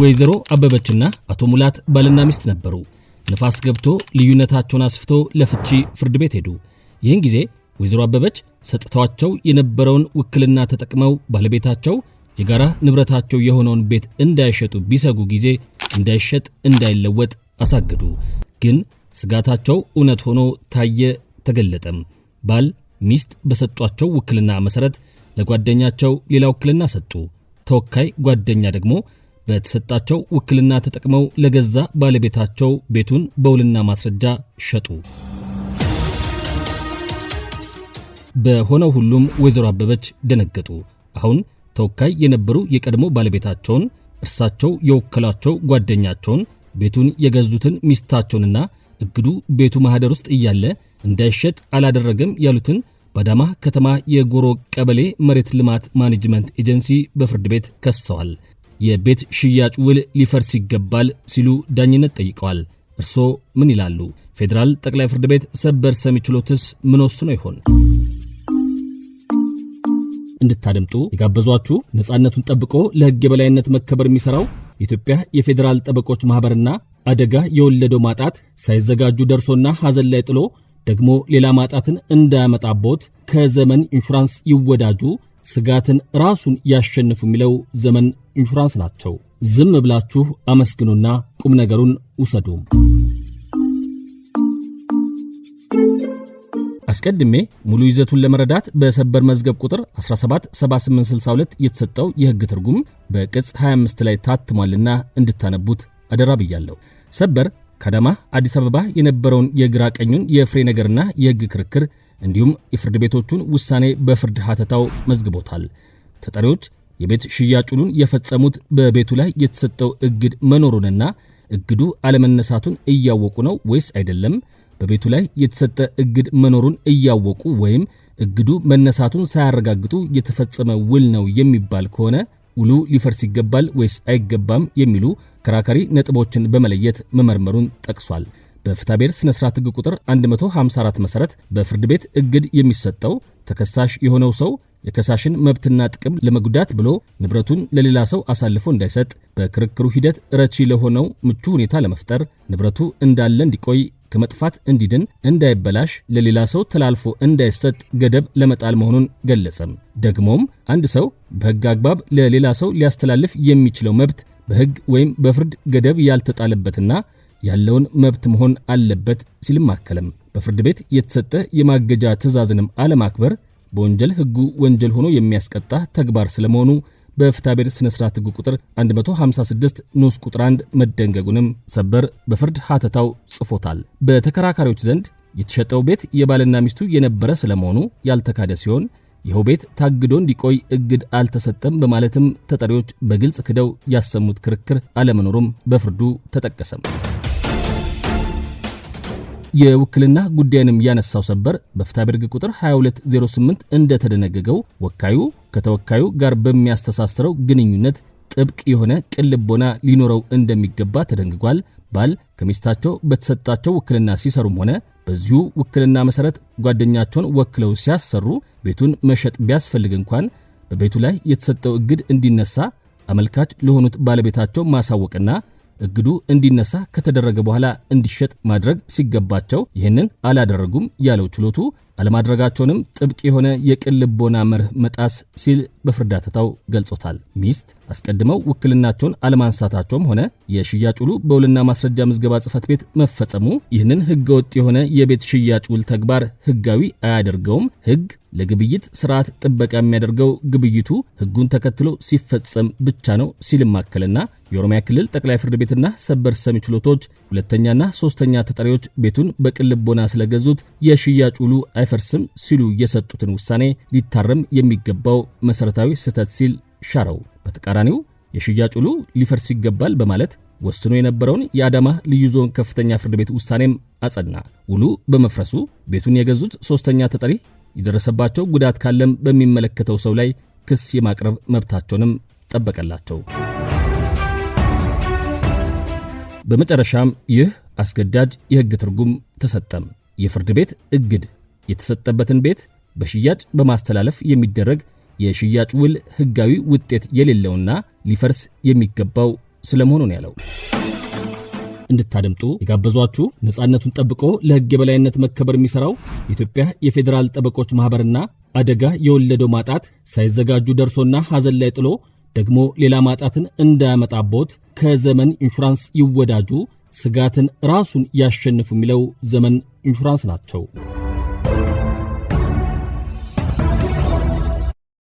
ወይዘሮ አበበችና አቶ ሙላት ባልና ሚስት ነበሩ። ንፋስ ገብቶ ልዩነታቸውን አስፍቶ ለፍቺ ፍርድ ቤት ሄዱ። ይህን ጊዜ ወይዘሮ አበበች ሰጥተዋቸው የነበረውን ውክልና ተጠቅመው ባለቤታቸው የጋራ ንብረታቸው የሆነውን ቤት እንዳይሸጡ ቢሰጉ ጊዜ እንዳይሸጥ እንዳይለወጥ አሳገዱ። ግን ስጋታቸው እውነት ሆኖ ታየ ተገለጠም። ባል ሚስት በሰጧቸው ውክልና መሠረት ለጓደኛቸው ሌላ ውክልና ሰጡ። ተወካይ ጓደኛ ደግሞ በተሰጣቸው ውክልና ተጠቅመው ለገዛ ባለቤታቸው ቤቱን በውልና ማስረጃ ሸጡ። በሆነው ሁሉም ወይዘሮ አበበች ደነገጡ። አሁን ተወካይ የነበሩ የቀድሞ ባለቤታቸውን እርሳቸው የወከሏቸው ጓደኛቸውን ቤቱን የገዙትን ሚስታቸውንና እግዱ ቤቱ ማህደር ውስጥ እያለ እንዳይሸጥ አላደረገም ያሉትን በአዳማ ከተማ የጎሮ ቀበሌ መሬት ልማት ማኔጅመንት ኤጀንሲ በፍርድ ቤት ከሰዋል። የቤት ሽያጭ ውል ሊፈርስ ይገባል ሲሉ ዳኝነት ጠይቀዋል። እርስዎ ምን ይላሉ? ፌዴራል ጠቅላይ ፍርድ ቤት ሰበር ሰሚ ችሎትስ ምን ወስኖ ይሆን? እንድታደምጡ የጋበዟችሁ ነፃነቱን ጠብቆ ለሕግ የበላይነት መከበር የሚሠራው የኢትዮጵያ የፌዴራል ጠበቆች ማኅበርና አደጋ የወለደው ማጣት ሳይዘጋጁ ደርሶና ሐዘን ላይ ጥሎ ደግሞ ሌላ ማጣትን እንዳያመጣቦት ከዘመን ኢንሹራንስ ይወዳጁ። ስጋትን ራሱን ያሸንፉ የሚለው ዘመን ኢንሹራንስ ናቸው። ዝም ብላችሁ አመስግኑና ቁም ነገሩን ውሰዱ። አስቀድሜ ሙሉ ይዘቱን ለመረዳት በሰበር መዝገብ ቁጥር 177862 የተሰጠው የሕግ ትርጉም በቅጽ 25 ላይ ታትሟልና እንድታነቡት አደራ ብያለሁ። ሰበር ከአዳማ አዲስ አበባ የነበረውን የግራ ቀኙን የፍሬ ነገርና የሕግ ክርክር እንዲሁም የፍርድ ቤቶቹን ውሳኔ በፍርድ ሐተታው መዝግቦታል። ተጠሪዎች የቤት ሽያጩን የፈጸሙት በቤቱ ላይ የተሰጠው እግድ መኖሩንና እግዱ አለመነሳቱን እያወቁ ነው ወይስ አይደለም? በቤቱ ላይ የተሰጠ እግድ መኖሩን እያወቁ ወይም እግዱ መነሳቱን ሳያረጋግጡ የተፈጸመ ውል ነው የሚባል ከሆነ ውሉ ሊፈርስ ይገባል ወይስ አይገባም የሚሉ ከራካሪ ነጥቦችን በመለየት መመርመሩን ጠቅሷል። በፍትሐብሔር ሥነ ሥርዓት ሕግ ቁጥር 154 መሠረት በፍርድ ቤት እግድ የሚሰጠው ተከሳሽ የሆነው ሰው የከሳሽን መብትና ጥቅም ለመጉዳት ብሎ ንብረቱን ለሌላ ሰው አሳልፎ እንዳይሰጥ፣ በክርክሩ ሂደት ረቺ ለሆነው ምቹ ሁኔታ ለመፍጠር ንብረቱ እንዳለ እንዲቆይ ከመጥፋት እንዲድን እንዳይበላሽ ለሌላ ሰው ተላልፎ እንዳይሰጥ ገደብ ለመጣል መሆኑን ገለጸም። ደግሞም አንድ ሰው በሕግ አግባብ ለሌላ ሰው ሊያስተላልፍ የሚችለው መብት በሕግ ወይም በፍርድ ገደብ ያልተጣለበትና ያለውን መብት መሆን አለበት ሲልም አከለም። በፍርድ ቤት የተሰጠ የማገጃ ትእዛዝንም አለማክበር በወንጀል ህጉ ወንጀል ሆኖ የሚያስቀጣ ተግባር ስለመሆኑ በፍትሐብሔር ስነ ስርዓት ሕጉ ቁጥር 156 ንዑስ ቁጥር 1 መደንገጉንም ሰበር በፍርድ ሀተታው ጽፎታል። በተከራካሪዎች ዘንድ የተሸጠው ቤት የባልና ሚስቱ የነበረ ስለመሆኑ ያልተካደ ሲሆን ይኸው ቤት ታግዶ እንዲቆይ እግድ አልተሰጠም በማለትም ተጠሪዎች በግልጽ ክደው ያሰሙት ክርክር አለመኖሩም በፍርዱ ተጠቀሰም። የውክልና ጉዳይንም ያነሳው ሰበር በፍትሐብሔርግ ቁጥር 2208 እንደተደነገገው ወካዩ ከተወካዩ ጋር በሚያስተሳስረው ግንኙነት ጥብቅ የሆነ ቅልቦና ሊኖረው እንደሚገባ ተደንግጓል። ባል ከሚስታቸው በተሰጣቸው ውክልና ሲሰሩም ሆነ በዚሁ ውክልና መሰረት ጓደኛቸውን ወክለው ሲያሰሩ ቤቱን መሸጥ ቢያስፈልግ እንኳን በቤቱ ላይ የተሰጠው እግድ እንዲነሳ አመልካች ለሆኑት ባለቤታቸው ማሳወቅና እግዱ እንዲነሳ ከተደረገ በኋላ እንዲሸጥ ማድረግ ሲገባቸው ይህንን አላደረጉም ያለው ችሎቱ አለማድረጋቸውንም ጥብቅ የሆነ የቅን ልቦና መርህ መጣስ ሲል በፍርዳተታው ገልጾታል። ሚስት አስቀድመው ውክልናቸውን አለማንሳታቸውም ሆነ የሽያጭ ውሉ በውልና ማስረጃ ምዝገባ ጽሕፈት ቤት መፈጸሙ ይህንን ህገወጥ የሆነ የቤት ሽያጭ ውል ተግባር ህጋዊ አያደርገውም። ህግ ለግብይት ስርዓት ጥበቃ የሚያደርገው ግብይቱ ህጉን ተከትሎ ሲፈጸም ብቻ ነው ሲልም አክልና የኦሮሚያ ክልል ጠቅላይ ፍርድ ቤትና ሰበር ሰሚ ችሎቶች ሁለተኛና ሶስተኛ ተጠሪዎች ቤቱን በቅልቦና ስለገዙት የሽያጭ ውሉ አይፈርስም ሲሉ የሰጡትን ውሳኔ ሊታረም የሚገባው መሠረታዊ ስህተት ሲል ሻረው። በተቃራኒው የሽያጭ ውሉ ሊፈርስ ይገባል በማለት ወስኖ የነበረውን የአዳማ ልዩ ዞን ከፍተኛ ፍርድ ቤት ውሳኔም አጸና። ውሉ በመፍረሱ ቤቱን የገዙት ሶስተኛ ተጠሪ የደረሰባቸው ጉዳት ካለም በሚመለከተው ሰው ላይ ክስ የማቅረብ መብታቸውንም ጠበቀላቸው። በመጨረሻም ይህ አስገዳጅ የሕግ ትርጉም ተሰጠም። የፍርድ ቤት እግድ የተሰጠበትን ቤት በሽያጭ በማስተላለፍ የሚደረግ የሽያጭ ውል ሕጋዊ ውጤት የሌለውና ሊፈርስ የሚገባው ስለመሆኑ ነው ያለው። እንድታደምጡ የጋበዟችሁ ነፃነቱን ጠብቆ ለሕግ የበላይነት መከበር የሚሠራው የኢትዮጵያ የፌዴራል ጠበቆች ማኅበርና አደጋ የወለደው ማጣት ሳይዘጋጁ ደርሶና ሐዘን ላይ ጥሎ ደግሞ ሌላ ማጣትን እንዳያመጣቦት ከዘመን ኢንሹራንስ ይወዳጁ። ስጋትን ራሱን ያሸንፉ የሚለው ዘመን ኢንሹራንስ ናቸው።